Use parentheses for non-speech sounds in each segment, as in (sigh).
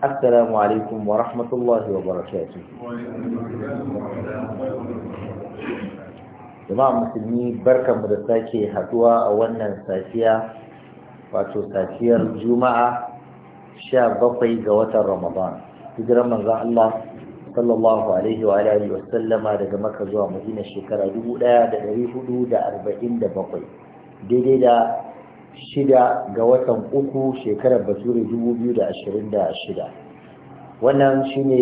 السلام عليكم ورحمة الله وبركاته jama'a musulmi barkanmu da sake haduwa a wannan safiya wato safiyar juma'a sha bakwai ga watan ramadan hijiran manzan Allah sallallahu alaihi wa alihi wa sallama daga maka zuwa madina shekara bakwai, daidai da shida ga watan uku shekarar basuri dubu biyu da ashirin da shida wannan shi ne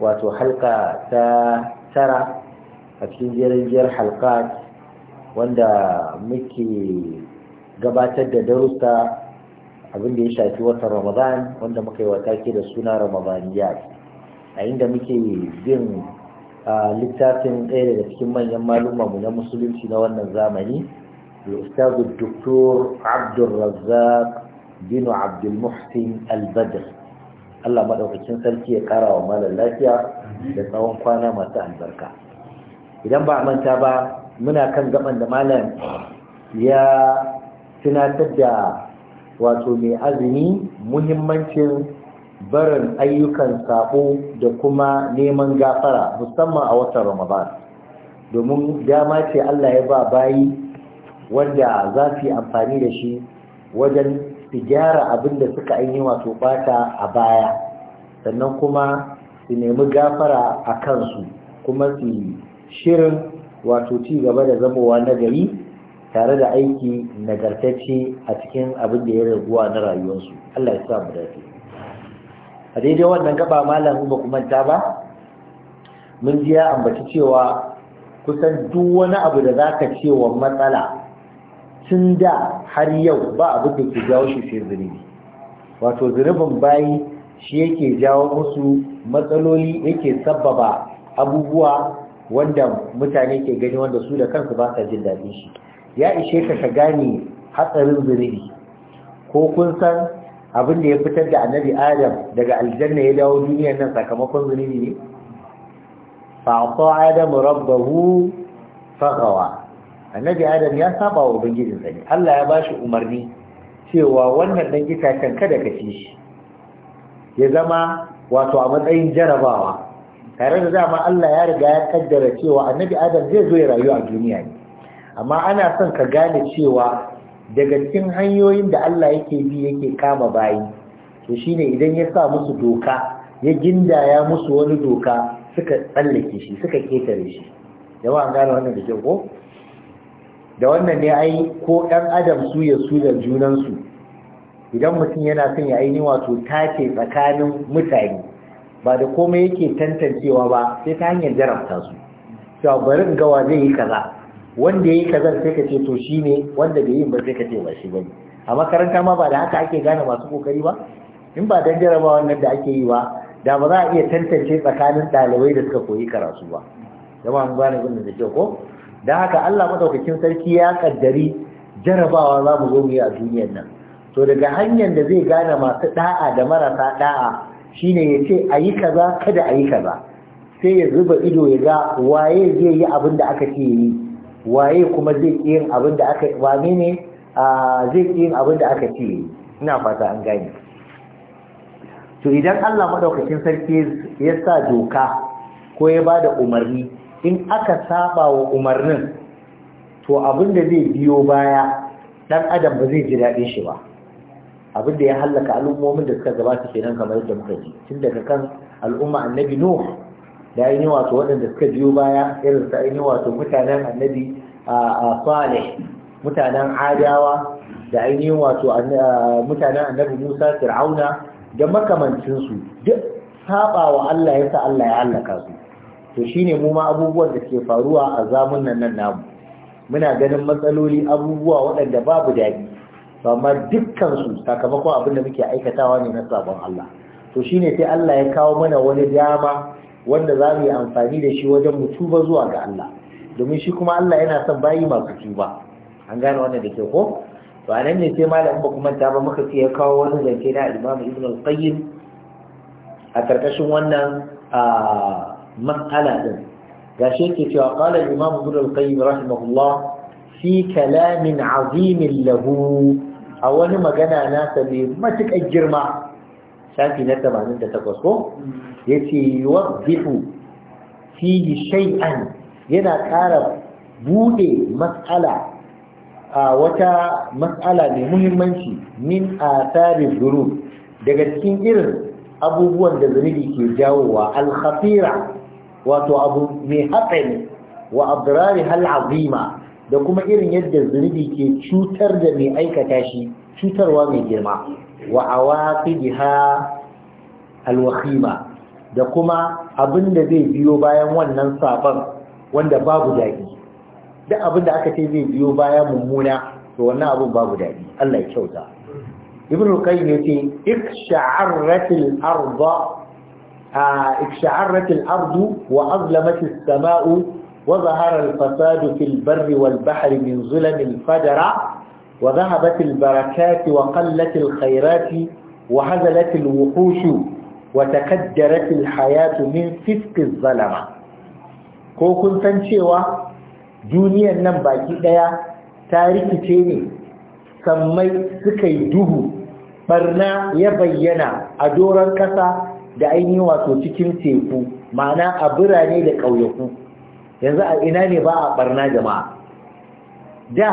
wato halka ta tara a cikin jirgin halka wanda muke gabatar da darusta abin ya shafi watan ramadan wanda muka yi ke da suna ramadaniyat a inda muke bin ah, littafin ɗaya daga cikin manyan mu na musulunci na wannan zamani الأستاذ الدكتور عبد الرزاق بن عبد المحسن البدر الله ما لو كنت سلكي يقرا وما لافيا da tsawon kwana masu albarka idan ba manta ba muna kan gaban da malam ya tunatar da wato mai azumi muhimmancin barin ayyukan sabo da kuma neman gafara musamman a watan ramadan domin dama ce Allah ya ba bayi wanda za su yi amfani da shi wajen su gyara abin da suka an yi wato bata a baya sannan kuma su nemi gafara a kansu kuma su shirin wato ci gaba da zamowa na gari tare da aiki nagartacce a cikin abin da ya raguwa na rayuwarsu Allah ya sa mu dace a daidai wannan gaba malam ba ku manta ba mun ji ya ambaci cewa kusan duk wani abu da zaka ce wa matsala tun da har yau ba abin da ke jawo shi sai zunubi wato zunubin bayi shi yake jawo musu matsaloli yake sababa abubuwa wanda mutane ke gani wanda su da kansu ba sa jin daɗin shi ya ishe ka ka gane hatsarin zunubi ko kun san abin da ya fitar da annabi adam daga aljanna ya dawo duniyar nan sakamakon zunubi ne fa adam rabbahu fa'awa annabi adam ya saba wa ubangijinsa ne Allah ya bashi umarni cewa wannan dan itacen kada ka ci shi ya zama wato a matsayin jarabawa tare da dama Allah ya riga ya kaddara cewa annabi adam zai zo ya rayu a duniya ne amma ana son ka gane cewa daga cikin hanyoyin da Allah yake bi yake kama bayi to shine idan ya sa musu doka ya gindaya musu wani doka suka tsallake shi suka ketare shi jama'a gane wannan da kyau ko da wannan ne ai ko ɗan adam su ya su da junansu idan mutum yana son ya aini wato tace tsakanin mutane ba da komai yake tantancewa ba sai ta hanyar jarabta su cewa bari in gawa zai yi kaza wanda ya yi kaza sai ka ce to shi ne wanda bai yi ba sai ka ce ba shi ba a makaranta ma ba da haka ake gane masu kokari ba in ba dan jarabawa nan da ake yi ba da ba za a iya tantance tsakanin ɗalibai da suka koyi karatu ba zama an gane gudun da ko da haka Allah madaukakin sarki ya kaddari jarabawa za mu zo mu yi a duniyar nan to daga hanyar da zai gane masu da'a da marasa da'a shine ya ce a yi kaza kada a yi kaza sai ya zuba ido ya ga waye zai yi abin da aka ce yi waye kuma zai yin abin da aka wane ne zai yin abin da aka ce yi ina fata an gane to idan Allah madaukakin sarki ya sa doka ko ya ba da umarni in aka saba wa umarnin to abin da zai biyo baya dan adam ba zai ji daɗin shi ba abin da ya hallaka al'ummomin da suka gabata kenan kamar yadda muka ji tun daga kan al'umma annabi nuh da ainihin wato waɗanda suka biyo baya irin su ainihin wato mutanen annabi a salih mutanen adawa da ainihin wato mutanen annabi musa fir'auna da makamancinsu duk saba wa allah ya sa allah ya hallaka su to shine mu ma abubuwan da ke faruwa a zamun nan namu muna ganin matsaloli abubuwa waɗanda babu daɗi to amma dukkan su sakamakon abin da muke aikatawa ne na sabon Allah to shine sai Allah ya kawo mana wani dama wanda za mu yi amfani da shi wajen mu tuba zuwa ga Allah domin shi kuma Allah yana son bayi masu tuba an gane wannan da ke ko to anan ne sai malamin ba kuma ta ba muka ce ya kawo wani zance na Imam Ibn al-Qayyim a karkashin wannan a ah, mas'ala din gashi yake cewa qala al-imam ibn al-qayyim rahimahullah fi kalamin azimin lahu a wani magana nasa mai matukar girma shafi na 88 ko mm. yace yuwaddihu fihi shay'an yana ƙara bude mas'ala a wata matsala mai muhimmanci min a tsarin zuru daga cikin irin abubuwan da zunubi ke jawowa alkhafira wato abu mai hatsari wa adrari hal azima da kuma irin yadda zunubi ke cutar da mai aikata shi cutarwa mai girma wa awaqibiha alwakhima da kuma abin da zai biyo bayan wannan saban wanda babu daɗi duk abin da aka ce zai biyo bayan mummuna to wannan abin babu daɗi Allah ya kyauta ibnu qayyim yace iksha'aratil arda اكشعرت الأرض وأظلمت السماء وظهر الفساد في البر والبحر من ظلم الفجر وذهبت البركات وقلت الخيرات وهزلت الوحوش وتكدرت الحياة من فسق الظلمة كوكو سنشيوا دنيا نمباكي ديا تاريخ تيني سمي سكي duhu barna ya bayyana a doron kasa da ainihin wato cikin teku ma'ana a birane da ƙauyaku yanzu a ina ne ba a barna jama'a da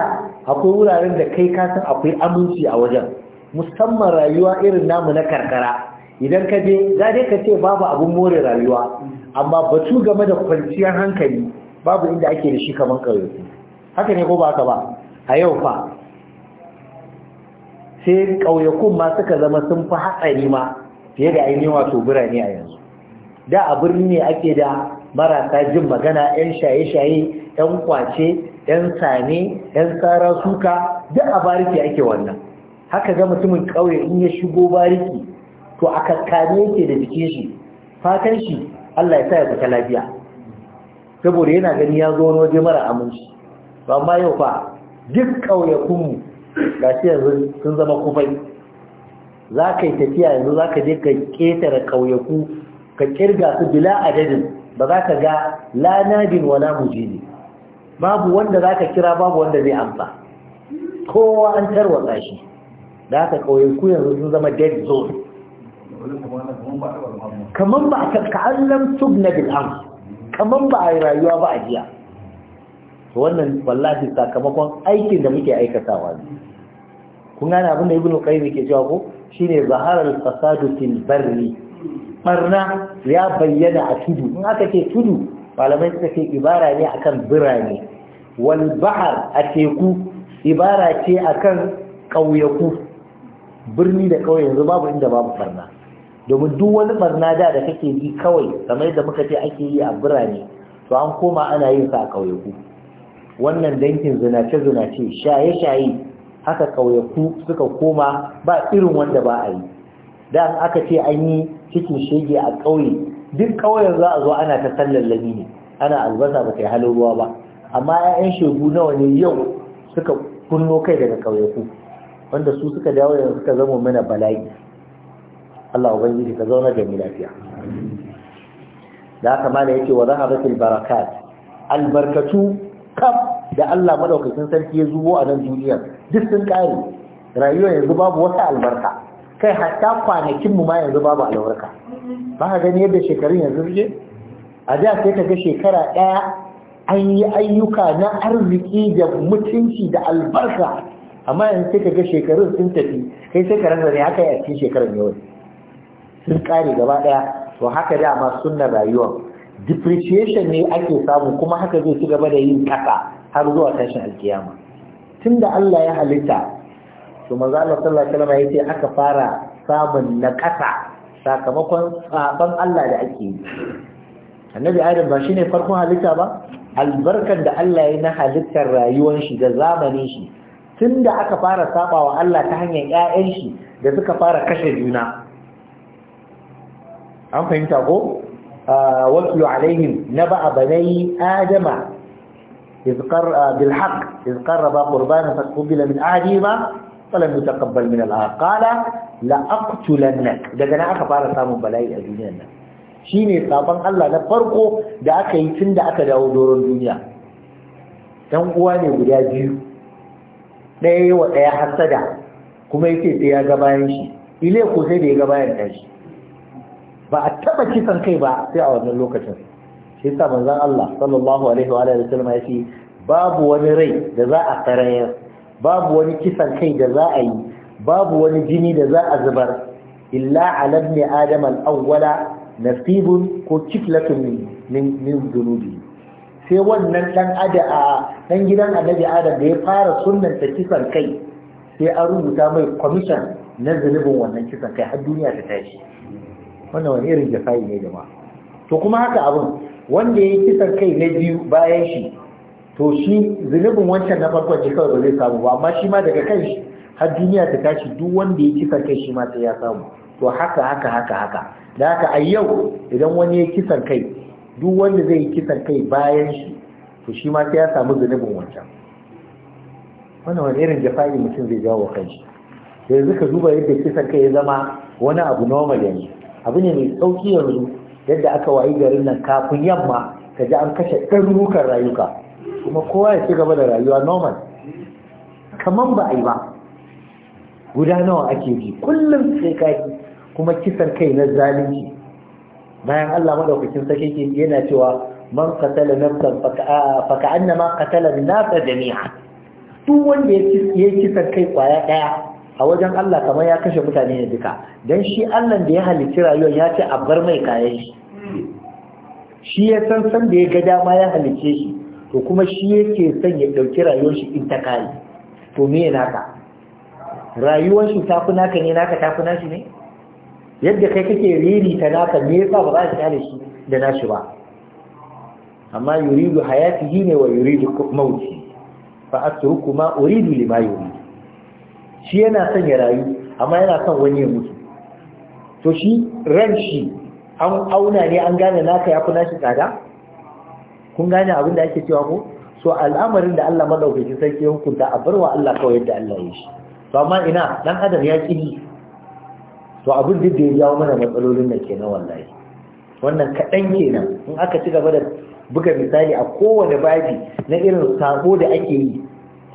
akwai wuraren da kai kasan akwai aminci a wajen musamman rayuwa irin namu na karkara idan ka je za dai ka ce babu abun more rayuwa amma batu game da kwanciyar hankali babu inda ake da shi kamar ƙauyaku haka ne ko ba haka ba a yau fa sai ƙauyakun ma suka zama sun fi hatsari ma fiye da ainihin wato birane a yanzu da a birni ake da marasa jin magana 'yan shaye-shaye 'yan kwace 'yan sane 'yan tsara suka da a bariki ake wannan haka ga mutumin ƙauye in ya shigo bariki to a kakkane yake da jiki shi fatan shi Allah ya sa ya fita lafiya saboda yana gani ya zo waje mara aminci ba ma yau fa duk ƙauyakunmu ga shi yanzu sun zama kufai za ka yi tafiya yanzu za ka je ka ƙetare ƙauyaku ka ƙirga su bila adadin ba za ka ga lanadin wala mujini babu wanda za ka kira babu wanda zai amsa kowa an tarwatsa shi da ka ƙauyaku yanzu sun zama dead zone kamar ba a ka'allam tub bil am kamar ba a yi rayuwa ba a jiya wannan wallahi sakamakon aikin da muke aikatawa ne kun gane abin da ibnu qayyim yake cewa ko shine zaharar fasadu fil barri barna ya bayyana a tudu in aka ce tudu malamai suka ce ibara ne akan birane wal bahar a teku ibara ce akan ƙauyaku birni da ƙauye yanzu babu inda babu barna domin duk wani barna da da kake ji kawai kamar da muka ce ake yi a birane to an koma ana yin sa a ƙauyaku wannan dankin zinace-zinace shaye-shaye haka ƙauyaku suka koma ba irin wanda ba a yi da aka ce an yi cikin shege a ƙauye duk ƙauyen za a zo ana ta sallallami ne ana albasa ba kai halin ruwa ba amma 'ya'yan shegu nawa ne yau suka kunno kai daga ƙauyaku wanda su suka dawo yanzu suka zama mana bala'i Allah ubangiji ka zauna da mu lafiya da haka ma da yake wa zahabatul barakat albarkatu kaf da Allah madaukakin sarki ya zubo a nan duniyar duk sun kare rayuwa yanzu babu wata albarka kai hatta kwanakin mu ma yanzu babu albarka ba ka gani yadda shekarun yanzu suke a da sai ka ga shekara ɗaya an yi ayyuka na arziki da mutunci da albarka amma yanzu sai ka ga shekarun sun tafi kai sai ka rasa ne haka yi a cikin shekarun yau sun kare gaba ɗaya to haka dama sunna rayuwa depreciation ne ake samu kuma haka zai ci gaba da yin kasa har zuwa tashin alkiyama tun da Allah ya halitta to maza Allah sallallahu alaihi wasallam yace aka fara samun nakasa sakamakon tsaban Allah da ake yi annabi adam ba shine farkon halitta ba albarkar da Allah ya na halittar rayuwar shi da zamanin shi tunda aka fara sabawa Allah ta hanyar ƴaƴan shi da suka fara kashe juna an fahimta ko ah, na alaihim naba'a banai adama إذ قر بالحق إذ قرب قربانا فقبل من أحدهما فلم يتقبل من الآخر قال daga nan aka fara samun bala'i a duniyar nan shine sabon Allah na farko da aka yi tunda aka dawo doron duniya dan uwa ne guda biyu ɗaya wa ɗaya hasada kuma yake sai ya ga bayan shi ile ko sai da ya ga bayan shi ba a taba kisan kai ba sai a wannan lokacin shi yasa manzon Allah sallallahu alaihi wa alihi wasallam ya ce babu wani rai da za a babu wani kisan kai da za a yi babu wani jini da za a zubar illa ala ibn adam al-awwala nasibun ko kiflatun min min dunubi sai wannan dan ada dan gidan annabi adam da ya fara sunnanta kisan kai sai an rubuta mai commission na zunubin wannan kisan kai har duniya ta tashi wannan wani irin jafa'i ne jama'a to kuma haka abin wanda ya yi kisan kai na biyu bayan shi to shi zunubin wancan na farkon shi kawai ba zai samu ba amma shi ma daga kan shi har duniya ta tashi duk wanda ya kisan kai shi ma sai ya samu to haka haka haka haka da haka a yau idan wani ya kisan kai duk wanda zai yi kisan kai bayan shi to shi ma sai ya samu zunubin wancan wannan wani irin jafa'i mutum zai jawo kai shi yanzu ka duba yadda kisan kai ya zama wani abu normal yanzu abu ne mai sauki yanzu yadda aka wayi garin nan kafin yamma ka ji an kashe ɗarurrukan rayuka kuma kowa ya ci gaba da rayuwa normal kamar ba a yi ba guda nawa ake ji kullum sai kaki kuma kisan kai na zalunci bayan Allah madaukakin sarki yana cewa man qatala nafsan fa annama qatala an jami'a duk wanda ya kisan kai kwaya ɗaya. a wajen Allah kamar ya kashe mutane ne duka don shi Allah da ya halitti rayuwar ya ce a bar mai kayan shi shi ya san san da ya ga dama ya halicce shi to kuma shi yake son ya dauki rayuwar shi in ta kare to me naka rayuwar shi ta ka ne naka ta kuna shi ne yadda kai kake riri ta naka me yasa ba za ka kare shi da nashi ba amma yuridu hayatihi ne wa yuridu mauti fa atruku ma uridu lima yuridu shi yana son ya rayu amma yana son wani ya mutu to shi ran shi an auna ne an gane naka ya fi nashi tsada kun gane abin da ake cewa ko so al'amarin da Allah madaukaki sarki ya hukunta a barwa Allah kawai yadda Allah ya shi to amma ina dan adam ya kidi to abin duk da ya jawo mana matsalolin da kenan wallahi wannan kaɗan kenan in aka ci gaba da buga misali a kowane babi na irin sabo da ake yi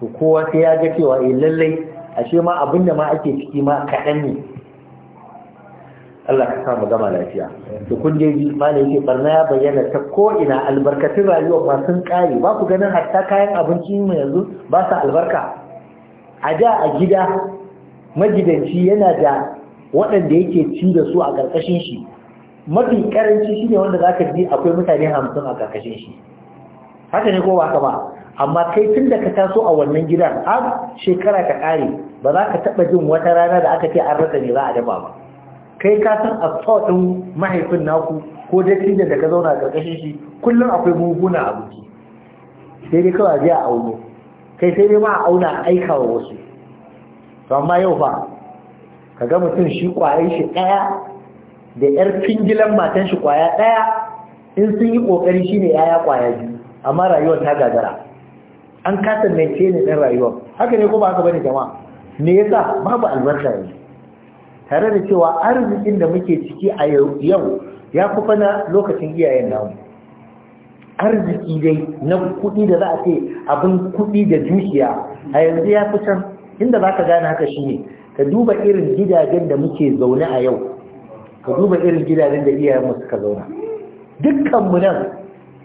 to kowa sai ya ga cewa eh lallai ashe ma abin da ma ake ciki ma kaɗan ne Allah ka sa mu gama lafiya to kun je ya ma ne yake barna ya bayyana ta ko ina albarkatun rayuwa ba sun kare ba ku ganin hatta kayan abinci mu yanzu ba sa albarka a da a gida majidanci yana da waɗanda yake ci da su a ƙarƙashin shi mafi ƙaranci shine wanda zaka ji akwai mutane hamsin a ƙarƙashin shi haka ne ko ba ka ba amma kai tun da ka taso a wannan gidan har shekara ka ƙare ba za ka taɓa jin wata rana da aka ce an rasa ne za a dafa ba kai ka san a ɗin mahaifin naku ko dattijan da ka zauna karkashin ƙarƙashin shi kullum akwai muguna abinci sai dai kawai a auno kai sai dai ma a auna a aika wa wasu to amma yau fa ka ga mutum shi ƙwayar shi ɗaya da 'yar fingilan matan shi ƙwaya ɗaya in sun yi ƙoƙari shine 'ya'ya ƙwaya biyu amma rayuwar ta gagara an mace ne ɗan rayuwa haka ne ko ba haka bane jama'a me yasa babu albarka yanzu tare da cewa arzikin da muke ciki a yau ya kufa na lokacin iyayen namu arziki dai na kuɗi da za a ce abin kuɗi da dukiya a yanzu ya fi can inda za ka gane haka shi ne, ka duba irin gidajen da muke zaune a yau ka duba irin gidajen da iyayenmu suka zauna dukkanmu nan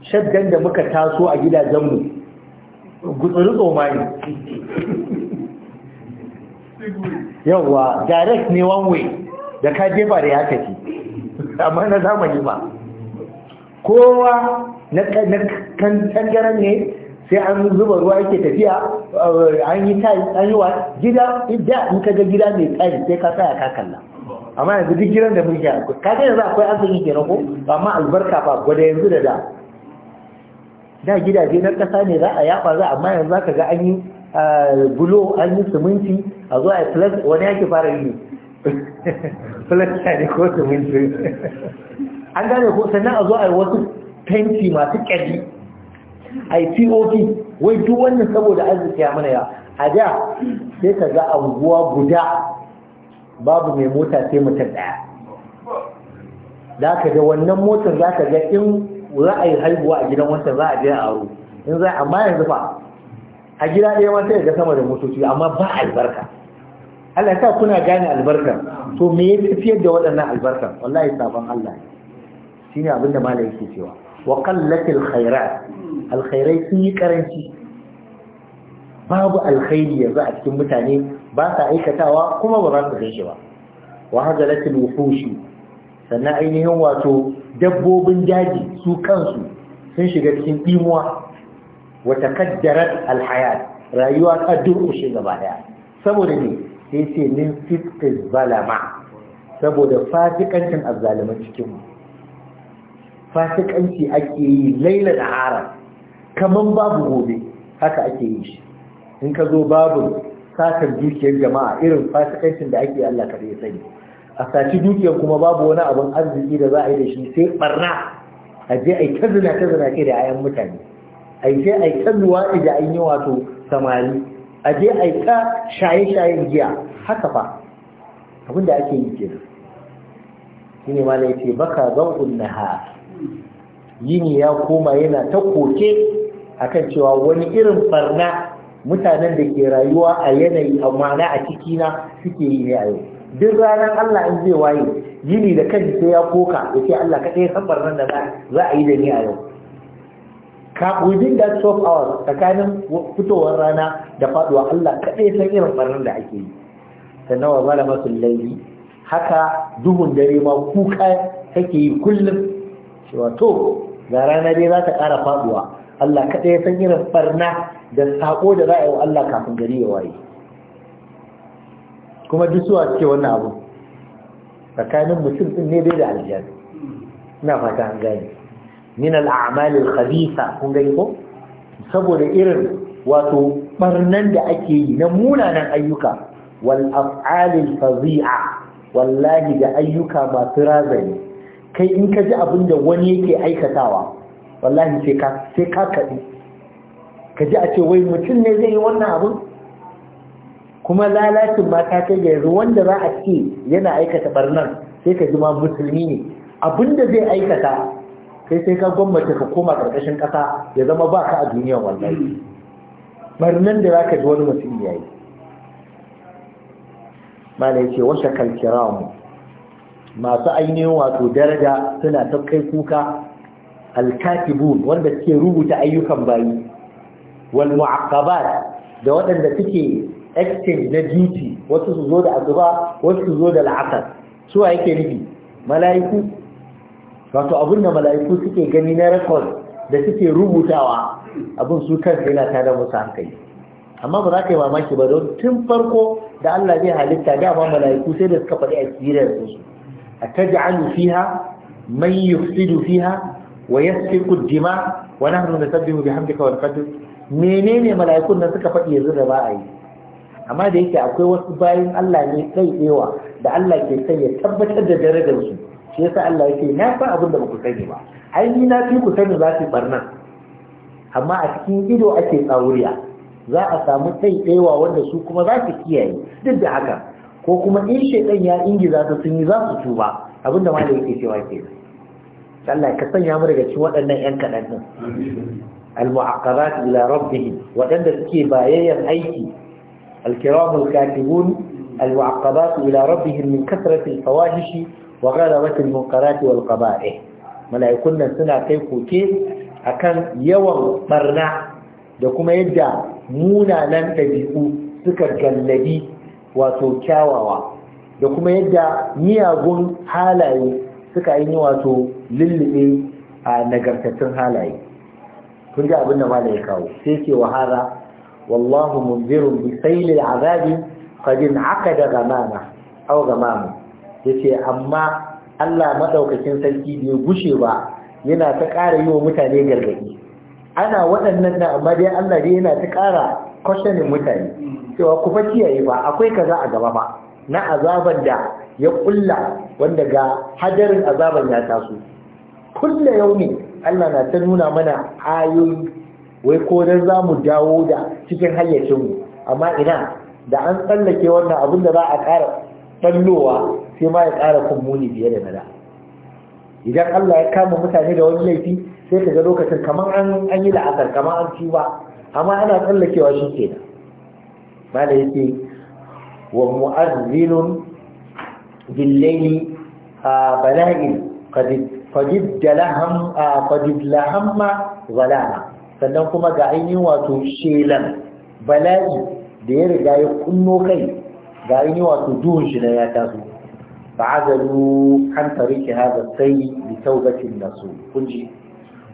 shaddan da muka taso a gidajenmu gutsuri tsomani yawwa direct ne one way da ka jefa da ya tafi amma na zamani ba kowa na kantangaren ne sai an zuba ruwa yake tafiya eh, an yi tayi, an yi wa gida idda in ka ga gida mai tsari sai ka tsaya ka kalla amma yanzu duk gidan da mun gyara ka ga yanzu akwai asali kenan ko amma albarka ba gwada yanzu da da da gidaje na ƙasa ne za a yaba za amma yanzu zaka ga an yi bulo an yi siminti a zo a yi wani yake fara yi filasta (laughs) ne ko siminti (laughs) an gane ko sannan a zo a wasu fenti masu ƙyalli a yi pop wai duk wannan saboda arziki ya mana ya a da sai ka ga anguwa guda babu mai mota sai mutum ɗaya da ka da wannan motar za ka ga in za a yi haihuwa a gidan wancan za a je a aro in za amma yanzu fa a gida ɗaya ma sai ga sama da motoci amma ba albarka Allah ta kuna gane albarka to me ya tafiyar da waɗannan albarka wallahi sabon Allah shine ne abinda malai yake cewa wa qallatil khairat alkhairai sun yi karanci babu alkhairi yanzu a cikin mutane ba sa aikatawa kuma ba za su shi ba wa hajalatil wuhushi sannan ainihin wato dabbobin daji su kansu sun shiga cikin imuwa wata kaddarar alhayat rayuwa ta durkushe gaba daya saboda ne sai ce nin fiskis balama saboda fasikancin azzaliman mu fasikanci ake yi laila da hara kaman babu gobe haka ake yi shi in ka zo babu satar dukiyar jama'a irin fasikancin da ake Allah kare sani a saci dukiyar kuma babu wani abin arziki da za a yi da shi sai barna a je a yi ta zina ta zina da ayan mutane a yi sai a yi ta luwaɗi da an yi wato samari a je a yi ta shaye-shayen giya haka fa abin da ake yi ke shi ne mala ya ce baka zan ha yini ya koma yana ta koke akan cewa wani irin barna mutanen da ke rayuwa a yanayi amma na a na suke yi ne a yau duk ranar Allah in zai waye jini da kan sai ya koka ya ce Allah kaɗai san nan da za a yi da ni a yau ka within that 12 hours tsakanin fitowar rana da faduwa Allah kaɗai san irin barnan da ake yi sannan wa zalama laili haka duhun dare ma kuka take yi kullum cewa to ga rana dai za ta ƙara faduwa Allah ka ya san irin barna da saƙo da za a yi wa Allah kafin gari ya waye kuma duk suwa suke wannan abu tsakanin mutum din ne dai da aljihar ina fata an gane min al'amali al kun gani ko saboda irin wato ɓarnan da ake yi na munanan ayyuka wal af'ali al wallahi da ayyuka masu razani kai in ka ji abin da wani yake aikatawa wallahi sai ka sai ka ji a ce wai mutum ne zai yi wannan abin kuma lalacin mata ta kai yanzu wanda za a ce yana aikata barnar sai ka ma musulmi ne abinda zai aikata kai sai ka gwamnati ka koma ƙarƙashin ƙasa ya zama ba ka a duniyan wallahi barnan da za ka ji wani mutum ya yi mala ya ce wasa masu ainihin wato daraja suna ta kai kuka katibun wanda suke rubuta ayyukan bayi wal mu'aqqabat da waɗanda suke exchange na duty wasu su zo da azuba wasu su zo da la'asar su wa yake nufi mala'iku wato abin da mala'iku suke gani na record da suke rubutawa abin su kansa yana tada musu hankali amma ba za ka yi mamaki ba don tun farko da Allah zai halitta dama mala'iku sai da suka faɗi a tsirar su a taj'alu fiha man yufsidu fiha wa yasfiku dima wa nahnu nasabbihu bihamdika wa nuqaddisu menene mala'ikun nan suka faɗi yanzu da ba a yi amma da yake akwai wasu bayan Allah ne kai tsewa da Allah ke sai ya tabbatar da darajar su shi yasa Allah yake na san abin da baku sani ba ai ni na fi ku sani za su barna amma a cikin ido ake tsauriya za a samu kai tsewa wanda su kuma za su kiyaye duk da haka ko kuma in shedan ya ingiza su sun yi za su tuba abin da malai yake cewa ke. Allah ka sanya mu daga cikin waɗannan ƴan kaɗan ɗin al-mu'aqqarat ila rabbihim waɗanda suke bayayyan aiki الكرام الكاتبون المعقبات إلى ربهم من كثرة الفواحش وغلبة المنكرات والقبائح ملائكون سنة كيكو كي أكان يوم برنا دكما يدى مونا لن تبيئو سكر جلدي وتوكاوا دكما يدى مياغون حالاي suka yi wato lullube a nagartattun halaye kun ji abin da malai kawo sai ce wahara wallahu munzirun bi sayli al'azabi qad in'aqada ghamama aw ghamamu yace amma Allah madaukakin sarki bai gushe ba yana ta ƙara yi wa mutane gargaɗi ana waɗannan da amma dai Allah dai yana ta ƙara kwashanin mutane cewa ku fa kiyaye ba akwai kaza a gaba ba na azaban da ya kulla wanda ga hadarin azaban ya taso kulla yaumi Allah na ta nuna mana ayoyi wai ko dan za mu dawo da cikin hayyacinmu amma ina da an tsallake wannan abin da za a ƙara tsallowa sai ma ya ƙara kun muni biye da nada idan Allah ya kama mutane da wani laifi sai ka ga lokacin kamar an an yi la'asar kamar an ci ba amma ana tsallakewa shi kenan malai yake wa mu'azzinun بالليل آه بلائل قد قد لهم آه sannan kuma ga ainihin wato shelan bala'i da ya riga ya kunno kai ga ainihin wato duhun shi na ya taso zaru an tarihi haza sai bi taubatin nasu kunji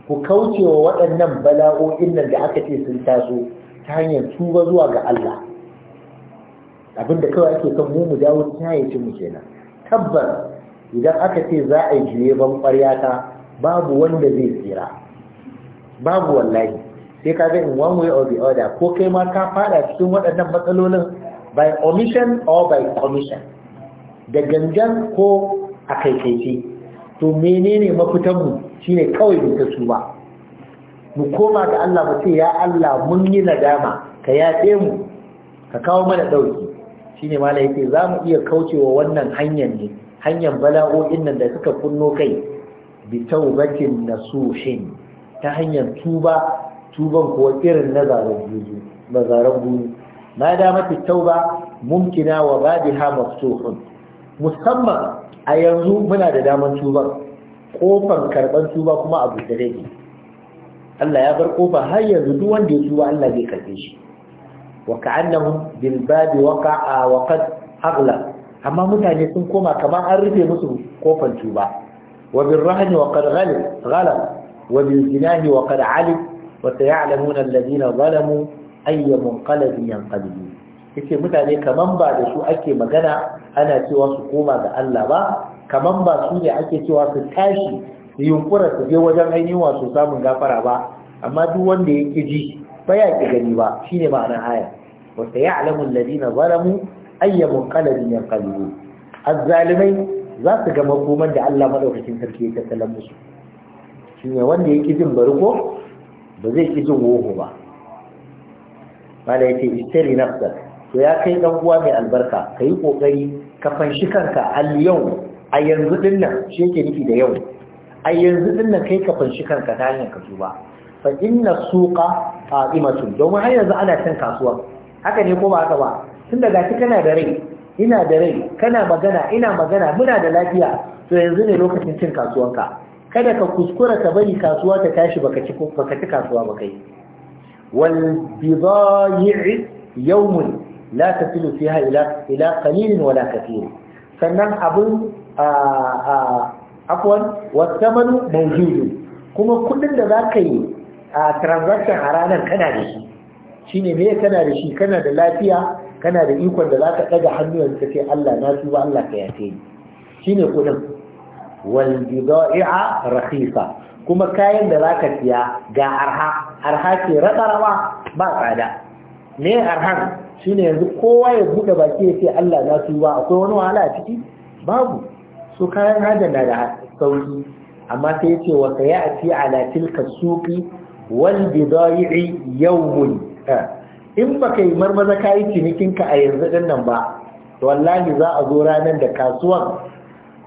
ku kauce wa waɗannan bala'o'in nan da aka ce sun taso ta hanyar tuba zuwa ga Allah abinda kawai ake son mu mu dawo ta cin mu kenan tabbas idan aka ce za a yi juye ban ƙwarya ta babu wanda zai tsira babu wallahi sai ka in one way or the other ko kai ma ka fada cikin waɗannan matsalolin by omission or by commission da gangan ko a kaikaice to menene mafitanmu shine kawai mu ta su ba mu koma ga Allah mu ce ya Allah mun yi nadama ka yaɗe mu ka kawo mana ɗauki shine malai yake za mu iya kaucewa wannan hanyar ne hanyar bala'o'in nan da suka kunno kai bi taubatin nasuhin ta hanyar tuba tuban kuwa irin na zaren buzu na zaren buzu ma damati tauba mumkina wa babiha maftuhun musamman a yanzu muna da daman tuban kofar karban tuba kuma abu da rage Allah ya bar kofa har yanzu duk wanda ya tuba Allah zai karbe shi wa ka'annahum bil babi waqa'a wa qad aghla amma mutane sun koma kamar an rufe musu kofar tuba wa bil rahni wa qad وبالجناه وقد علم وسيعلمون الذين ظلموا أي منقلب ينقلبون yace mutane kaman ba da su ake magana ana cewa su koma ga Allah ba kaman ba su ne ake cewa su tashi su yunkura su je wajen ainihin wasu samun gafara ba amma duk wanda ya ƙi ji ba ya ƙi gani ba shine ma'anar aya wa sayalamu alladhina zalamu ayya munqalabin yanqalibun azzalimai za su ga makoman da Allah madaukakin sarki ya musu shi ne wanda ya ƙi jin bariko ba zai ƙi jin woho ba mala ya ce istari nafsar to ya kai ɗan uwa mai albarka ka yi ƙoƙari ka fanshi kanka al yau a yanzu ɗin nan shi yake nufi da yau a yanzu ɗin nan kai ka fanshi kanka ta hanyar ka tuba fa inna suqa qa'imatun domin har yanzu ana cin kasuwa haka ne ko ba haka ba tun da shi kana da rai ina da rai kana magana ina magana muna da lafiya to yanzu ne lokacin cin kasuwanka kada ka kuskura ka bari kasuwa ta tashi baka ci kasuwa baka yi wal bidayi yawmun la tasilu fiha ila ila qalilin wala kathir sannan abun a a afwan wasamanu mawjudun kuma kudin da zaka yi a transaction a ranar kana da shi shine me kana da shi kana da lafiya kana da ikon da zaka daga hannuwanka sai Allah na tuba Allah ka yafe ni shine kudin wal bidai'a rakhisa kuma kayan da zaka siya ga arha arha ce ratsarawa ba tsada me arhan shine yanzu kowa ya bude baki ya ce Allah na tuba akwai wani wahala a ciki babu so kayan hajar na da sauri, amma sai yace wa sayati ala tilka suqi wal bidai'i yawmun eh. in baka yi marmaza kayi cinikinka a yanzu din nan ba wallahi za a zo ranar da kasuwan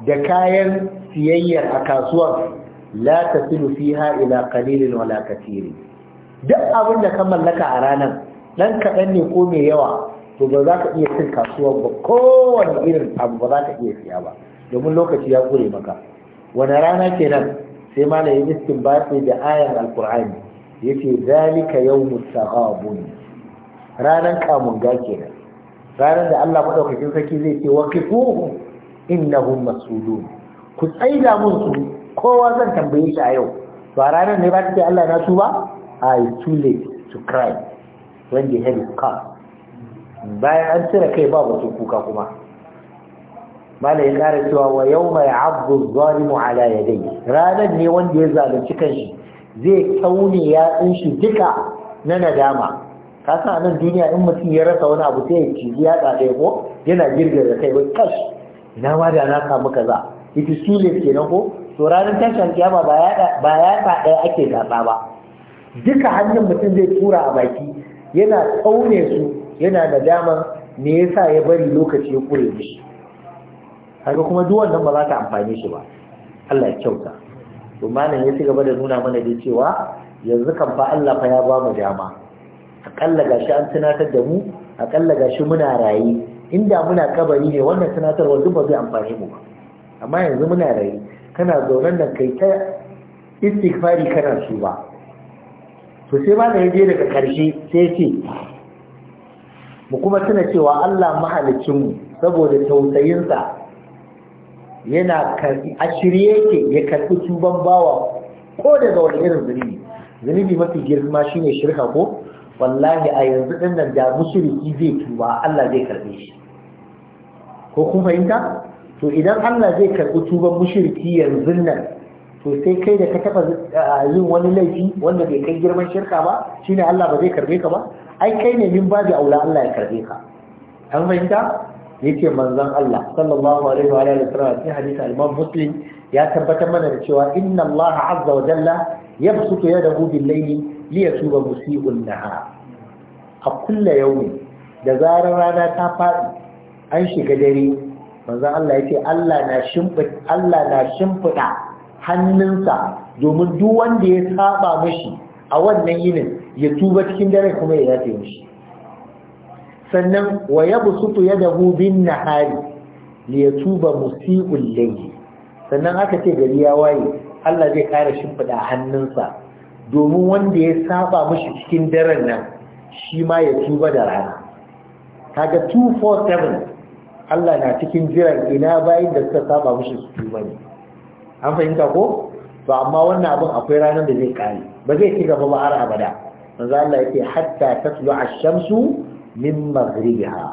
da kayan siyayyar a kasuwar la tasilu fiha ila qalilin wala katiri duk abin da ka mallaka a ranar dan kaɗan ne ko mai yawa to ba za ka iya cin kasuwar ba kowane irin abu ba za ka iya siya ba domin lokaci ya kure maka wani rana kenan sai malamin iskin ba da ayar alkur'ani yace zalika yawmus saghabun ranar kamunga kenan ranar da Allah madaukakin sarki zai ce waqifuhum innahum mas'ulun ku tsaida mun su kowa zan tambaye shi a yau ba ranar ne ba ta Allah na su ba a too late to cry when the head is cut bayan an cire kai ba wato kuka kuma malai ya kara cewa wa yau mai abu dhalimu ala ya dai ranar ne wanda ya zalunci kanshi zai taune yatsun shi duka na nadama ka anan nan duniya in mutum ya rasa wani abu sai ya ci ya tsada ko yana girgiza kai wai kash ina ma da na samu kaza ita sule kenan ko to ranar tashin kiyama ba ya ba ta ake zaɓa ba duka hannun mutum zai tura a baki yana tsaune su yana da daman me yasa ya bari lokaci ya kure mishi haka kuma duk wannan ba za ta amfani shi ba Allah ya kyauta to malam ya ci gaba da nuna mana da cewa yanzu kan fa Allah fa ya ba mu dama akalla gashi an tunatar da mu akalla gashi muna rayi inda muna kabari ne wannan sanatarwar duk ba zai amfani mu ba amma yanzu muna yi, kana zaunan nan kai ta istighfari kana su ba to sai ba da yaje daga karshe sai ce mu kuma tuna cewa Allah mahalicin mu saboda tausayinsa yana karbi a shirye yake ya karbi tuban bawa ko da zaune irin zunubi zunubi mafi girma shine shirka ko wallahi a yanzu ɗin nan da mushiriki zai tuba Allah zai karɓe shi ko kun fahimta to idan Allah zai karɓi tuban mushiriki yanzu nan to sai kai da ka taɓa ah, yin wani laifi wanda bai kai girman shirka ba shine Allah ba zai karɓe ka ba ai kai ne min babu aula Allah ya karɓe ka an fahimta yake manzon Allah sallallahu alaihi wa alihi wasallam cikin hadisi al-Imam Muslim ya tabbatar mana da cewa inna Allah azza wa jalla yabsutu yadahu bil-layli liya tuba musi'un naha a kulla yau da zarar rana ta faɗi an shiga dare manzon Allah ya Allah na shimfiɗa Allah na hannunsa domin duk wanda ya saba mishi a wannan yinin ya tuba cikin dare kuma ya yafe mishi sannan wa yabsutu yadahu bin nahari liyatuba yatuba musi'ul layli sannan aka ce gari ya waye Allah zai kare shimfida hannunsa domin wanda ya saba mashi cikin daren nan shi ma ya tuba da rana kaga 247 Allah na cikin jiran ina bayin da suka saba mashi su tuba ne an fahimta ko to amma wannan abin akwai ranar da zai kare ba zai ci gaba ba har abada manzo Allah yake hatta tatlu ash-shamsu min maghribiha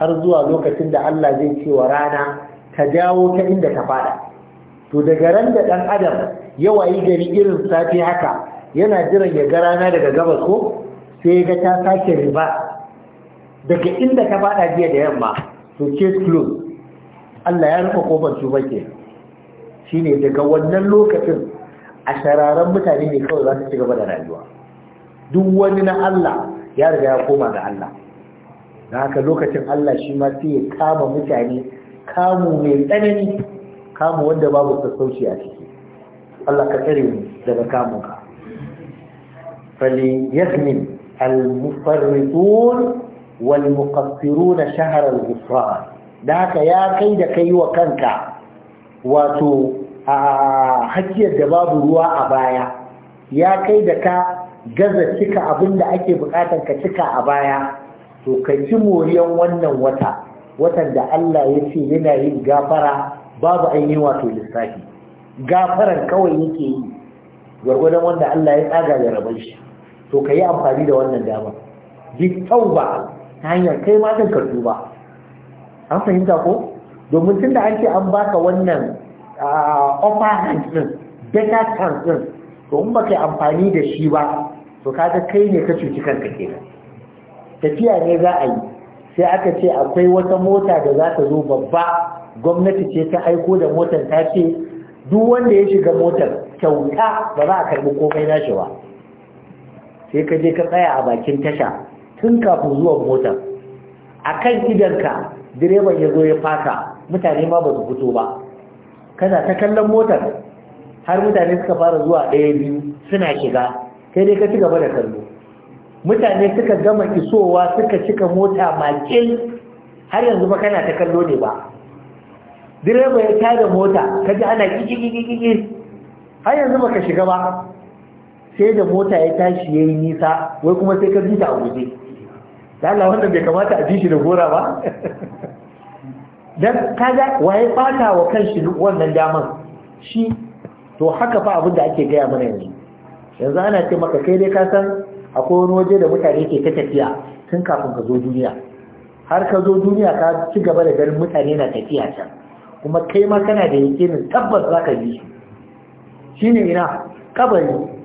har zuwa lokacin da Allah zai ce wa rana ta dawo ta inda ta fada to daga ran da ɗan adam yawayi gari irin safi haka yana jiran ya ga rana daga gabas ko sai ga ta sake riba daga inda ka fada jiya da yamma to case close Allah ya rufe kofar tuba ke shine daga wannan lokacin a shararan mutane ne kawai za su ci gaba da rayuwa duk wani na Allah ya riga ya koma ga Allah da haka lokacin Allah shi ma sai ya kama mutane kamu mai tsanani kamu wanda babu sassauci a ciki Allah ka tsare mu daga kamunka فليهمل المفرطون والمقصرون شهر الغفران kai da kai wa kanka, wato a hakiyar da babu ruwa a baya ya kai da ka gaza cika abin da ake bukatar ka cika a baya to ka ci moriyan wannan wata watan da Allah ya ce yana yin gafara babu ainihi wato lissafi gafaran kawai yake yi gwargwadon wanda Allah ya tsaga da rabon shi to ka yi amfani da wannan dama bi ba ta hanyar kai ma din ka tuba an fahimta ko domin tun da an ce an baka wannan offer hand din better chance din to in baka yi amfani da shi ba to ga kai ne ka cuci kanka kenan tafiya ne za a yi sai aka ce akwai wata mota da za ta zo babba gwamnati ce ta aiko da motar ta ce duk wanda ya shiga motar kyauta ba za a karɓi komai nashi ba sai ka je ka tsaya a bakin tasha tun kafin zuwan motar a kan idanka direban ya zo ya faka mutane ma ba su fito ba kana ta kallon motar har mutane suka fara zuwa ɗaya biyu suna shiga sai dai ka ci gaba da kallo mutane suka gama isowa suka cika mota makil har yanzu ba kana ta kallo ne ba direba ya tada mota ka ji ana kikikikiki har yanzu ba ka shiga ba sai da mota ya tashi ya yi nisa wai kuma sai ka jita a guje Allah wannan bai kamata a ji shi da gora ba dan kaga waye bata wa kanshi duk wannan daman shi to haka fa abin da ake gaya mana yanzu yanzu ana ce maka kai dai ka san akwai wani waje da mutane ke ta tafiya tun kafin ka zo duniya har ka zo duniya ka ci gaba da ganin mutane na tafiya can kuma kai ma kana da yakinin tabbas za ka ji shi ne ina kabari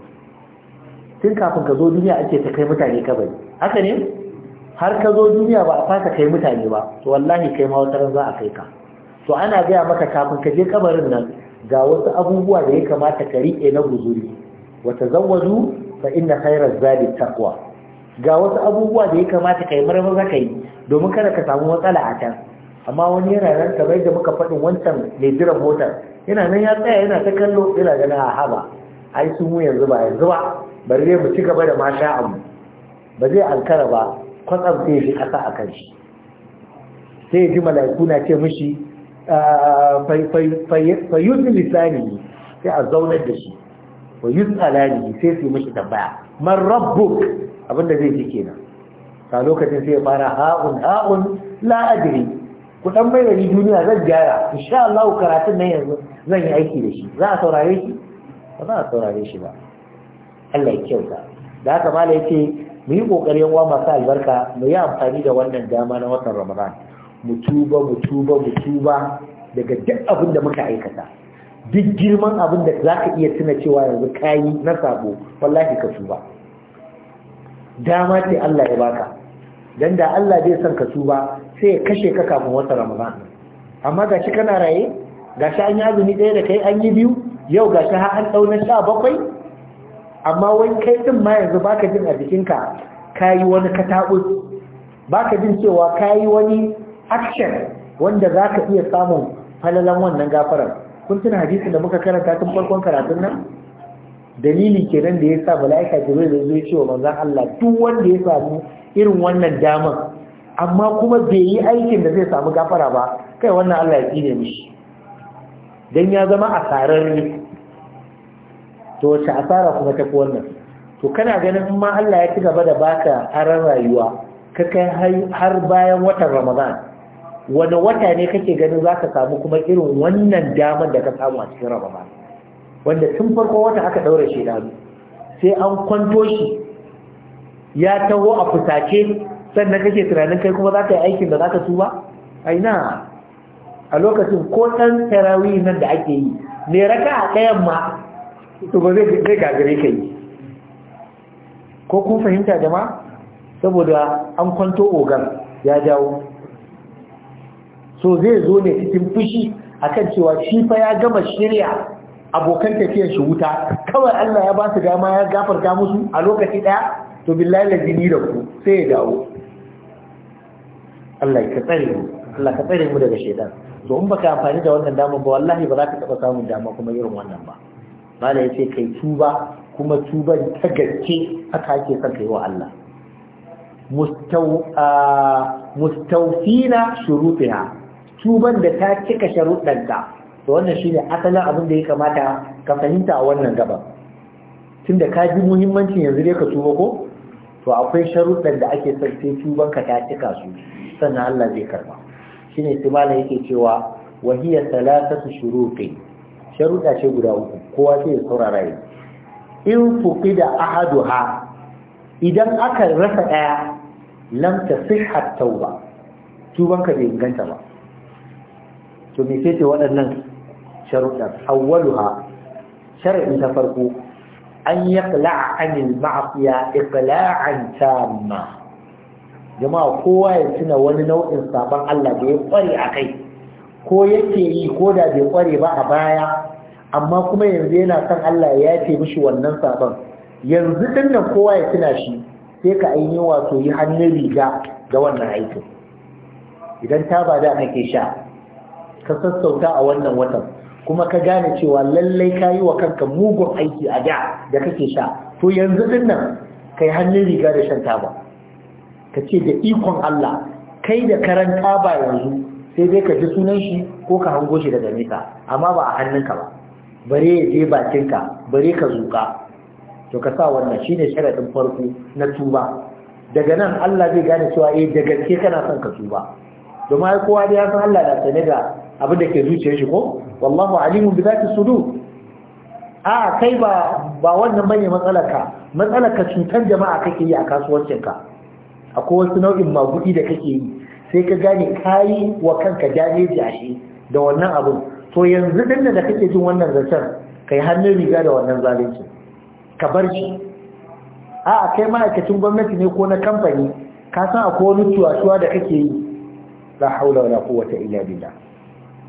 tun kafin ka zo duniya ake ta kai mutane kabari haka ne har ka zo duniya ba a fasa kai mutane ba to wallahi kai ma wata ran za a kai ka to ana gaya maka kafin ka je kabarin nan ga wasu abubuwa da ya kamata ka riƙe na guzuri wa tazawwadu fa inna khayra zadi taqwa ga wasu abubuwa da ya kamata ka yi za ka yi domin kada ka samu matsala a can amma wani yana nan kamar da muka faɗin wancan mai jiran motar yana nan ya tsaya yana ta kallo yana ganin a haba ai sun yanzu ba yanzu ba bari dai mu ci gaba da ma sha abu ba zai ankara ba kwatsam sai shi kasa a kan shi sai ya ji mala'iku na ce mishi ah, fayyusin lisani sai a zaunar da shi wa yutsalani sai su yi mishi tambaya man rabbuk abinda zai ji kenan a lokacin sai ya fara ha'un ha'un la ku dan mai duniya zan gyara insha Allah karatun nan yanzu zan yi aiki da shi za a saurare shi ba za a saurare shi ba Allah ya kyauta da haka ya ce mu yi kokarin wa masu albarka mu yi amfani da wannan dama na watan Ramadan mu tuba mu tuba mu tuba daga duk abin da muka aikata duk girman abin da za ka iya tuna cewa yanzu kayi na sabo wallahi ka tuba dama ce Allah ya baka dan da Allah zai son ka tuba sai ya kashe ka kafin watan Ramadan amma ga shi kana raye gashi an yi azumi ɗaya da kai an yi biyu yau gashi har an ɗau na sha bakwai amma wai kai din ma yanzu baka jin a jikinka kayi wani kataɓus baka jin cewa kayi wani action wanda za ka iya samun falalan wannan gafara. kun tuna hadisin da muka karanta tun farkon karatun nan dalili kenan da ya sa mala'ika jibril da zai cewa manzon Allah duk wanda ya samu irin wannan damar amma kuma bai yi aikin da zai samu gafara ba kai wannan Allah ya tsine mishi dan ya zama a asararre to wace asara kuma ta fi wannan to kana ganin in ma Allah ya ci gaba da baka aran rayuwa ka kai har bayan watan Ramadan wani wata ne kake ganin za ka samu kuma irin wannan damar da ka samu a cikin Ramadan wanda tun farko wata aka ɗaura shi dami sai an kwanto shi ya taho a fusace sannan kake tunanin kai kuma za ka yi aikin da za ka tuba aina a lokacin ko ɗan tarawi nan da ake yi ne raka a ɗayan ma to ba zai gagare ka yi ko kun fahimta jama saboda an kwanto ogan ya jawo so zai zo ne cikin fushi a kan cewa shi fa ya gama shirya abokan tafiyar shi wuta kawai Allah ya ba su dama ya gafarta musu a lokaci daya to billahi la jini da ku sai ya dawo Allah ya tsare mu Allah ka tsare mu daga shedan to in baka amfani da wannan dama ba wallahi ba za ka taba samun dama kuma irin wannan ba ya yace kai tuba kuma tuban ta gaske ka ake son kai wa Allah mustawfina shurutiha tuban da ta cika sharuɗanta to wannan shine asalin abin da ya kamata ka fahimta a wannan gaban tunda ka ji muhimmancin yanzu dai ka tuba ko to akwai sharuɗan da ake son sai tuban ka ta cika su sannan Allah zai karba shine sai malam yake cewa wa hiya thalathatu shurutin sharuɗa ce guda uku kowa sai ya saurara yi in fuqida ahaduha idan aka rasa ɗaya lam tasihha tauba tuban ka bai inganta ba to me ce waɗannan sharuɗa awwaluha shar'in ta farko an yaqla'a anil ma'siya iqla'an tamma jama'a kowa ya tuna wani nau'in sabon Allah da ya kware a kai ko yake yi ko da bai kware ba a baya amma kuma yanzu yana san Allah ya yafe mishi wannan sabon yanzu din nan kowa ya tuna shi sai ka ainihin wato yi hannun riga ga wannan aikin idan ta ba da kake sha ka sassauta a wannan watan kuma ka gane cewa lallai ka yi wa kanka mugun aiki a da da kake sha to yanzu din nan kai hannun riga da shan taba ka ce da ikon Allah kai da karan taba yanzu sai dai ka ji sunan shi ko ka hango shi daga nesa amma ba a hannunka ba bare ya je bakinka bare ka zuka to ka sa wannan shine sharadin farko na tuba daga nan Allah zai gane cewa eh da gaske kana son ka tuba domin ai kowa da ya san Allah da sane da abin da ke zuciyar shi ko wallahu alimun bi zati sudur a kai ba ba wannan bane matsalarka matsalarka cutar jama'a kake yi a kasuwancinka akwai wasu nau'in magudi da kake yi sai ka gane kayi wa kanka jajeji a da wannan abun to yanzu din da kake jin wannan zancen kai hannun riga da wannan zalunci ka bar shi a kai ma'aikacin gwamnati ne ko na kamfani ka san akwai wani tuwatuwa da kake yi la haula wala quwwata illa billah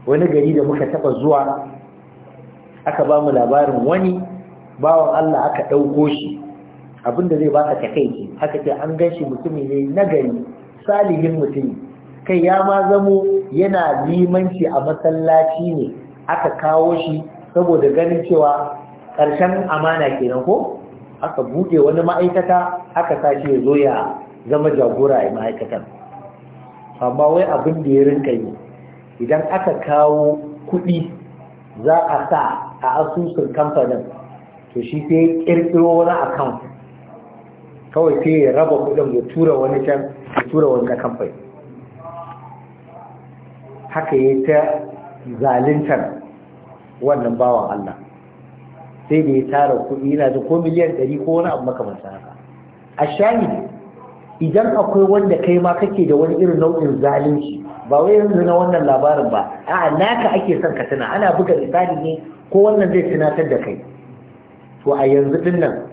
wani gari da muka taba zuwa aka ba mu labarin wani bawan Allah aka dauko shi abinda zai baka takeici haka ce an ganshi mutumi ne na gari. salihin mutum kai ya ma zamo yana limanci a masallaci ne aka kawo shi saboda ganin cewa ƙarshen amana kenan ko aka buɗe wani ma'aikata aka sashi ya zo ya zama jagora a ma'aikatan amma wai abin da ya rinka yi idan aka kawo kuɗi za a sa a asusun kamfanin to shi sai ƙirƙiro wani account kawai ke ya raba kudin ya tura wani can ya tura wani kamfai haka ya ta zalintar wannan bawan Allah sai da ya tara kudi yana da ko miliyan ɗari ko wani abu makamansa haka a shani idan akwai wanda kai ma kake da wani irin nau'in zalunci ba wai yanzu na wannan labarin ba a'a naka ake son ka tuna ana buga misali ne ko wannan zai tunatar da kai to a yanzu din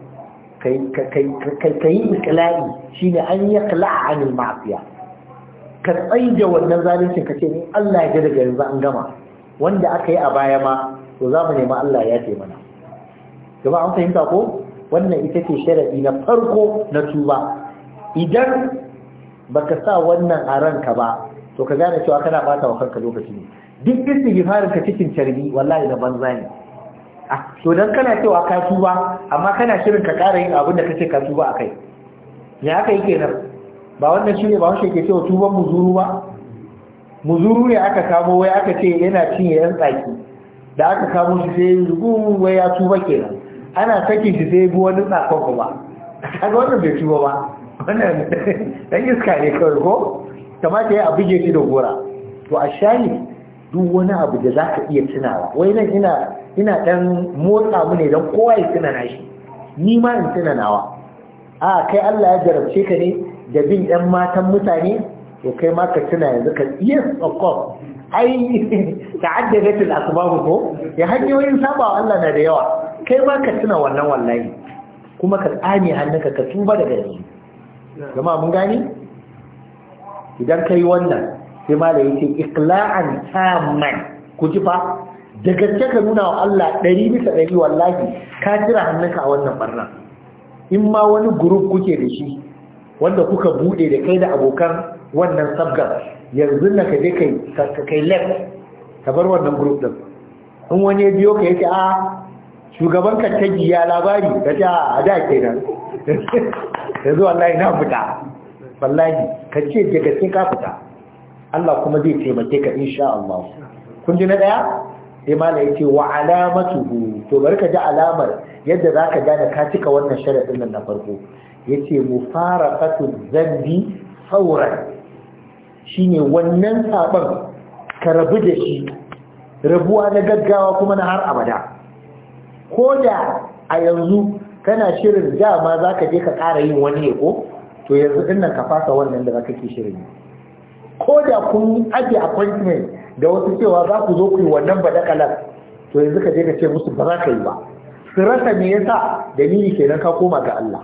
ka yi ikla'i shi ne an yi kala'a anil ma'afiya ka tsaida wannan zalincin ka ce ni Allah ya daga yanzu an gama wanda aka yi a baya ma to za mu nema Allah ya ce mana gaba an fahimta ko wannan ita ce sharadi na farko na tuba idan baka sa wannan a ranka ba to ka gane cewa kana bata wa kanka lokaci ne duk istighfarin ka cikin carbi wallahi na banza ne Ah, to dan kana cewa ka tuba amma kana shirin ka ƙara yin abin da kace ka tuba akai me aka yi kenan? ba wannan shine ba wanda ke cewa tuban muzuru ba muzuru ne aka kamo wai aka ce yana cinye yan tsaki da aka kamo shi sai rugu wai ya tuba kenan ana saki shi sai bi wani tsakon kuma kaga wannan bai tuba ba wannan (laughs) dan iska ne kawai ko kamata ya abuje shi da gora to a shani duk wani abu da zaka iya tunawa wai nan ina ina ɗan motsa mu ne don kowa ya tuna nashi ni ma in tuna nawa a kai Allah ya jarabce ka ne da bin ɗan matan mutane to kai ma ka tuna yanzu ka yes of course ai (laughs) til asbabu ko ya hanyoyin saba wa Allah na da yawa kai ma ka tuna wannan wallahi kuma ka tsani hannunka ka tuba daga yanzu Zama mun gani idan kai wannan sai malai yake iqla'an tamman ku ji fa da gaske ka nuna wa Allah ɗari bisa ɗari wallahi ka jira hannunka a wannan barna in ma wani guruf kuke da shi wanda kuka buɗe da kai da abokan wannan sabgar yanzu na ka je kai kai left ka bar wannan guruf ɗin in wani ya biyo ka yake a shugaban ka ta giya labari ka ta a da nan, (laughs) yanzu wallahi na fita wallahi ka ce da gaske ka fita Allah kuma zai taimake ka insha Allah kun ji na ɗaya. sai mala ya ce wa alamatuhu to bari ka ji alamar yadda za ka gane ka cika wannan sharaɗin nan na farko ya ce mu fara fatun zambi sauran shine wannan saɓon ka rabu da shi rabuwa na gaggawa kuma na har abada ko da a yanzu kana shirin dama za ka je ka ƙara yin wani ne to yanzu ɗin ka fasa wannan da za ka ke shirin ko da kun aje appointment da wasu cewa za ku zo ku yi wannan badakalar to yanzu ka je ka ce musu ba za ka yi ba su rasa me yasa dalili kenan ka koma ga Allah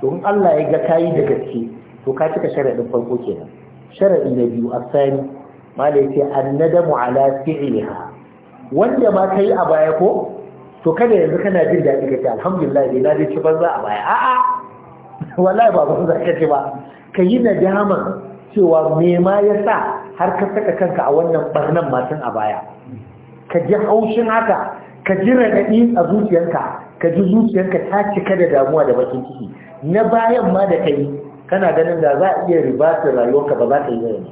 to in Allah ya ga kayi da gaske to ka cika sharadin farko kenan sharaɗi na biyu asani malai ce annadamu ala fi'liha wanda ma kai a baya ko to kada yanzu kana jin daɗi ce alhamdulillah dai na je ci banza a baya a'a (laughs) wallahi ba banza ce ba ka yi nadama cewa me ma yasa har ka saka kanka a wannan barnan masun a baya ka ji haushin haka ka ji raɗaɗi a zuciyarka ka ji zuciyarka ta cika da damuwa da bakin ciki na bayan ma da kai kana ganin da za a iya su rayuwarka ba za ka yi zai ne.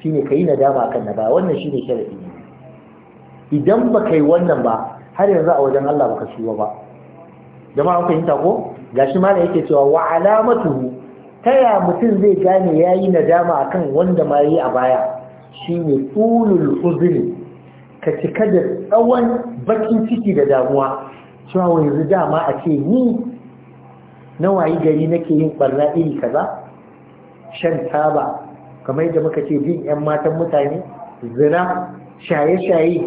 shi ne ka yi nadama kan na baya wannan shi ne ne idan ba ka yi wannan ba har yanzu a wajen Allah ba ka shuwa ba jama'a an fahimta ko gashi ma yake cewa wa alamatuhu ta ya mutum zai gane ya yi nadama a kan wanda ma yi a baya shi ne tsulul uzuri ka cika da tsawon bakin ciki da damuwa cewa yanzu dama a ce ni na wayi gari nake yin ɓarna iri kaza shan taba kamar yadda muka ce bin 'yan matan mutane zina shaye-shaye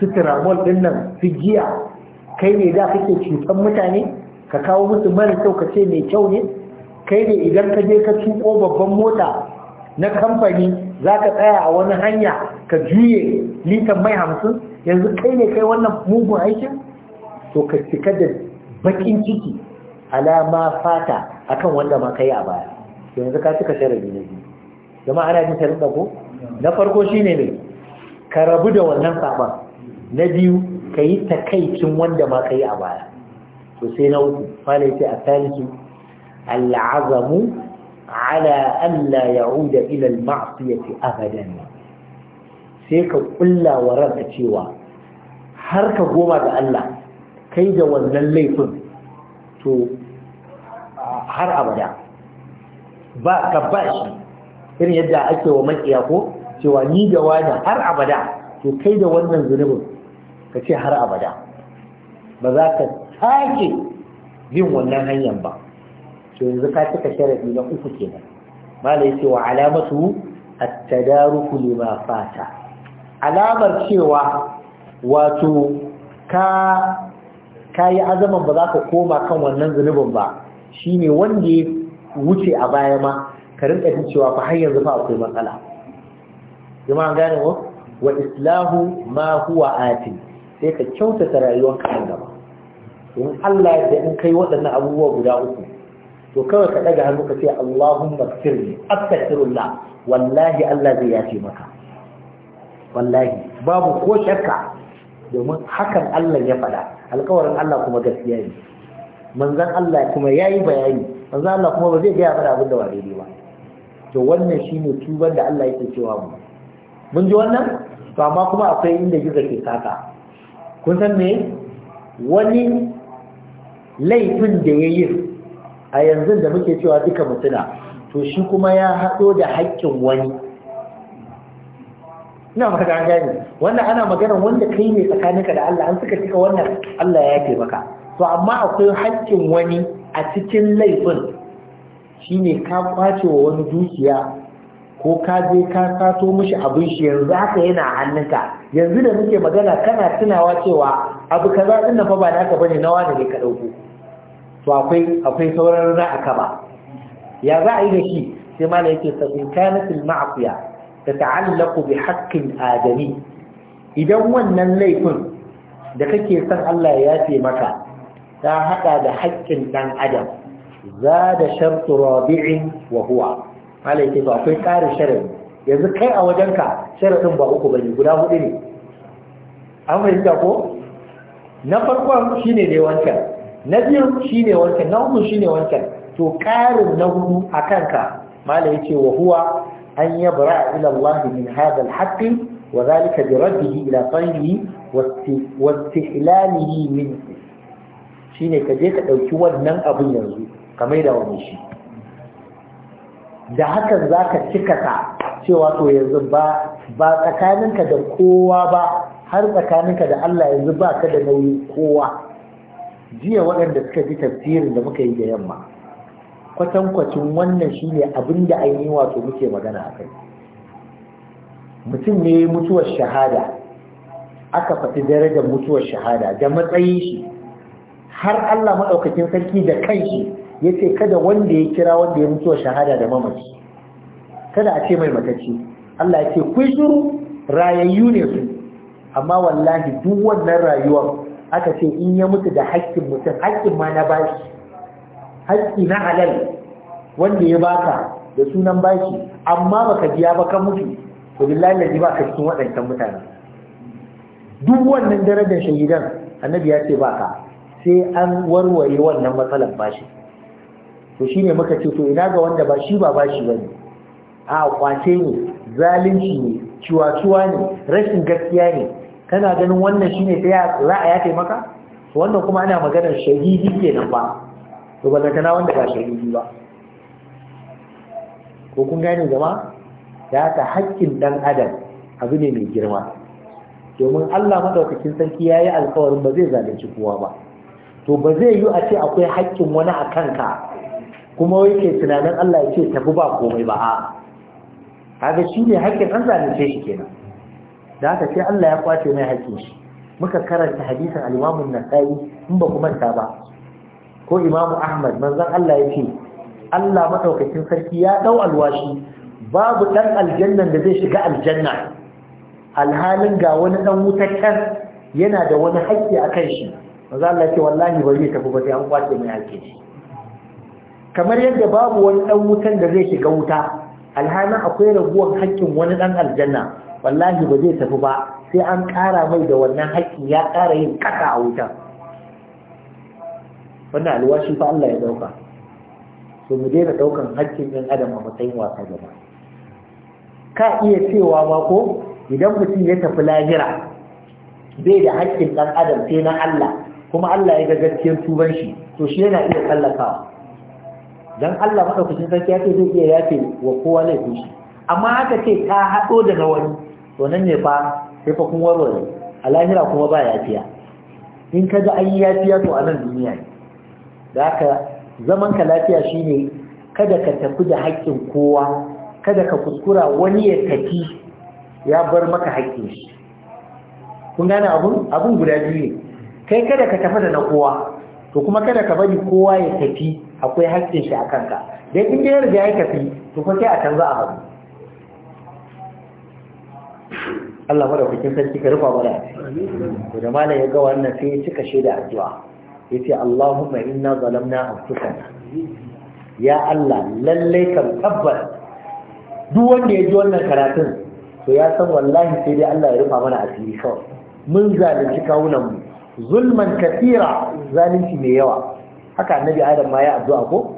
su tiramol ɗin nan su giya kai ne da kake cutar mutane ka kawo musu mara kyau ka ce mai kyau ne kai ne idan ka je ka tuko babban mota na kamfani za ka tsaya a wani hanya ka juye litan mai hamsin yanzu kai ne kai wannan mugun aikin to ka cika da bakin ciki alama fata akan wanda ma kai a baya yanzu ka cika sharadi na biyu zama ana jin sharadin ko na farko shine ne ka rabu da wannan saban na biyu ka yi takaicin wanda ma kai a baya to sai na uku malai sai a talisu al'azamu ala alla ya'uda ila al-ma'siyati abadan sai ka kulla wa ranka cewa har ka goma da Allah kai da wannan laifin to har abada ka ba irin yadda ake wa makiya ko cewa ni da wani har abada to kai da wannan zunubin ka ce har abada ba za ka sake yin wannan hanyar ba to yanzu ka cika sharadi na uku kenan mala yace wa alamatu at-tadaruku lima fata alamar cewa wato ka kayi azaman ba za ka koma kan wannan zunubin ba shine wanda ya wuce a baya ma ka rinka jin cewa fa har yanzu fa akwai matsala an gane ko wa islahu ma huwa ati sai ka kyautata rayuwarka nan gaba in Allah ya in kai waɗannan abubuwa guda uku to kawai ka daga hannu ka ce Allahumma firni astaghfirullah wallahi Allah zai yafe maka wallahi babu ko shakka domin hakan Allah ya faɗa alƙawarin Allah kuma gaskiya ne manzon Allah kuma yayi bayani manzon Allah kuma ba zai ga faɗa abin da ba daidai ba to wannan shine tubar da Allah yake cewa mu mun ji wannan to amma kuma akwai inda gizo ke saka kun san me wani laifin da ya yi a yanzu da muke cewa duka mutuna to shi kuma ya haɗo da haƙƙin wani ina maka an gane wannan ana magana wanda kai ne tsakaninka da Allah an suka cika wannan Allah ya yake maka to amma akwai haƙƙin wani a cikin laifin shine ka kwace wa wani dukiya ko ka je ka sato mishi abin shi yanzu haka yana hannunka yanzu da muke magana kana tunawa cewa abu kaza din fa ba naka bane na wani ne ka dauko to akwai akwai sauran ra'aka ba ya za a yi da shi sai ma da yake sabbin kanatul ma'afiya ta ta'allaku bi haƙƙin adami idan wannan laifin da kake son Allah ya yafe maka ta haɗa da haƙƙin ɗan adam za da shartu rabi'in wa huwa mala yake to akwai ƙarin sharaɗi yanzu kai a wajenka sharaɗin ba uku bane guda huɗu ne an fahimta ko na farkon shine ne wancan na biyu shine wancan na uku shine wancan to karin na hudu a kanka malai yace wa huwa an yabra ila Allah min hada al-haqq wa dhalika bi raddihi ila tayyihi wa istihlalihi min shine ka je ka dauki wannan abin yanzu ka maida wani shi da hakan zaka cika ka cewa to yanzu ba ba tsakaninka da kowa ba har tsakaninka da Allah yanzu ba ka da nauyin kowa jiya waɗanda suka ji tafsirin da muka yi da yamma kwatankwacin wannan shine abin da ainihi wato muke magana a kai mutum ne mutuwar shahada aka faɗi darajar mutuwar shahada da matsayin shi har Allah maɗaukakin sarki da kanshi ya ce kada wanda ya kira wanda ya mutuwar shahada da mamaci kada a ce mai matacci Allah ya ce kuyi shiru rayayyu ne su amma wallahi duk wannan rayuwar aka ce in ya mutu da haƙƙin mutum haƙƙin ma na bashi haƙƙi na halal wanda ya baka da sunan bashi amma baka biya ba ka mutu to billahi lazi ba cikin waɗancan mutane duk wannan darajar shahidan annabi ya ce baka sai an warware wannan matsalar bashi to shine muka ce to ina ga wanda ba shi ba bashi bane a kwace ne zalunci ne ciwatuwa ne rashin gaskiya ne kana ganin wannan shine ya za a yafe maka wannan kuma ana maganar shahidi kenan ba to na wanda ba shahidi ba ko kun gane jama'a Ya ta haƙƙin dan adam abu ne mai girma domin Allah madaukakin sarki ya yi alkawarin ba zai zalunci kowa ba to ba zai yi a ce akwai haƙƙin wani a ka. kuma wai ke tunanin Allah ya ce tafi ba komai ba a kaga shi ne haƙƙin an zalunce shi kenan da haka ce Allah ya kwace mai haƙƙin shi muka karanta hadisin al-Imam an-Nasa'i in ba kuma ta ba ko Imam Ahmad manzon Allah yake Allah madaukakin sarki ya dau alwashi babu dan aljannan da zai shiga aljanna alhalin ga wani dan wutaccen yana da wani haƙƙi akan shi manzon Allah yake wallahi ba zai tafi ba sai an kwace mai haƙƙin shi kamar yadda babu wani dan wutan da zai shiga wuta alhalin akwai raguwar haƙƙin wani dan aljanna wallahi ba zai tafi ba sai an ƙara mai da wannan haƙƙi ya ƙara yin kaka a wuta wannan alwashi fa Allah ya ɗauka to mu daina ɗaukan haƙƙin ɗan adam a matsayin wasa gaba ka iya cewa ma ko idan mutum ya tafi lahira bai da haƙƙin ɗan adam sai na Allah kuma Allah ya ga gaskiyar tuban shi to shi yana iya tallafawa dan Allah madaukakin sarki ya ce zai iya yafe wa kowa laifin shi amma haka ce ta haɗo daga wani to nan ne fa sai fa kun warware a lahira kuma ba yafiya in ka ga an yi yafiya to a nan duniya ne da haka zaman ka lafiya shine kada ka tafi da haƙƙin kowa kada ka kuskura wani ya tafi ya bar maka haƙƙin shi kun gane abun abun guda biyu kai kada ka tafi da na kowa to kuma kada ka bari kowa ya tafi akwai haƙƙin shi a kanka dai in da ya ya tafi to fa sai a canza a haɗu. Allah madaukakin sarki ka rufa mana ku da malam ya ga wannan sai cika shi da addu'a yace Allahumma inna zalamna anfusana ya Allah lallai kan tabbas duk wanda ya ji wannan karatun to ya san wallahi sai dai Allah ya rufa mana asiri kawai mun zalunci kawunan mu zulman katira zalunci mai yawa haka annabi Adam ma ya addu'a ko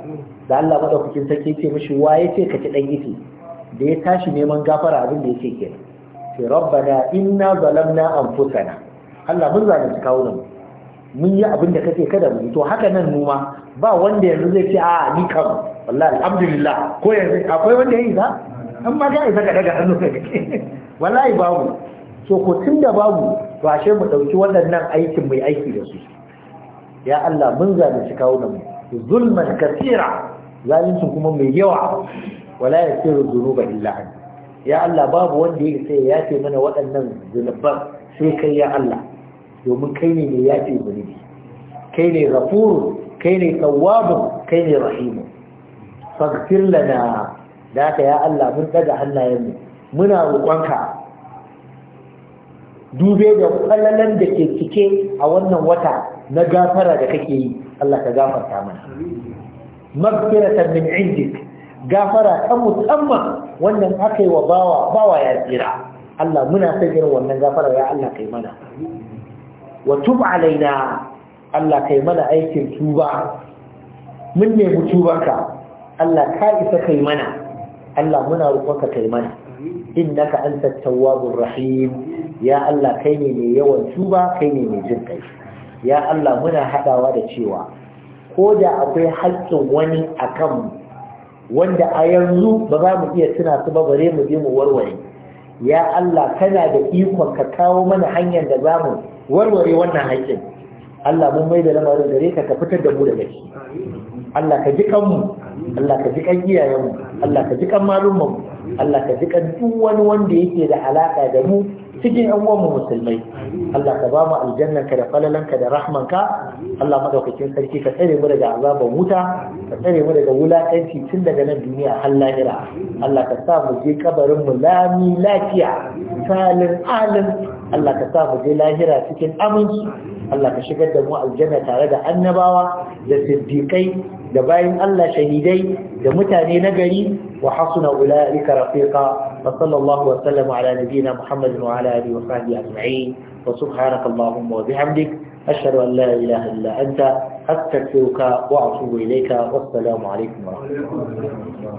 da Allah madaukakin sarki ya ce mishi wa yace ka ci dan iti da ya tashi neman gafara abin da yake kenan ce rabbana inna zalamna anfusana Allah mun zalunci kawunan mun yi abin da kace kada mu to haka nan mu ma ba wanda yanzu zai ce a ni kam wallahi alhamdulillah ko yanzu akwai wanda yayi za an ma ga isa ka daga hannu ka (laughs) wallahi babu so ko tunda babu to ashe mu dauki waɗannan aikin mai aiki da su ya Allah mun zalunci kawunan mu zulman kaseera zalincin kuma mai yawa wala yasiru dhunuba illa anta ya Allah babu wanda ya sai ya yafe mana waɗannan zunubar sai kai ya Allah domin kai ne mai yafe zunubi kai ne rafuru kai ne tsawabu kai ne rahimu fagfir lana da aka ya Allah mun daga hannayenmu muna roƙonka dube da kwallalan da ke cike a wannan wata na gafara da kake yi Allah ka gafarta mana magfiratan min indik gafara ta musamman wannan aka yi wa bawa bawa ya tsira Allah muna son wannan gafara ya Allah kai mana wa tub alaina Allah kai mana aikin tuba mun nemi tubanka Allah ka isa kai mana Allah muna roƙonka kai mana innaka antat tawwabur rahim ya Allah kai ne mai yawan tuba kai ne mai jin kai ya Allah muna hadawa da cewa ko da akwai haƙƙin wani akan wanda a yanzu ba za mu iya tuna su ba bare mu je mu warware ya Allah kana da ikon ka kawo mana hanyar da za mu warware wannan haƙƙin Allah mun mai da lamarin gare ka ka fitar da mu daga shi Allah ka ji kanmu Allah ka ji kan iyayenmu Allah ka ji kan Allah ka ji kan duk wani wanda yake da alaka da mu cikin yan uwan mu musulmai Allah ka ba mu ka da falalan ka da rahman ka Allah madaukakin sarki ka tsare mu daga azaban wuta ka tsare mu daga wulaƙanci tun daga nan duniya har lahira Allah ka sa mu je kabarin mu lami lafiya salin alin Allah ka sa mu je lahira cikin aminci Allah ka shigar da mu aljanna tare da annabawa da siddiqai da bayan Allah shahidai da mutane na gari wa hasuna ulaika rafiqa wa sallallahu wa sallama ala nabiyyina Muhammad wa ala alihi wa sahbihi ajma'in wa subhanaka allahumma wa bihamdik ashhadu an la ilaha illa anta astaghfiruka wa atubu ilayka wassalamu alaikum wa rahmatullahi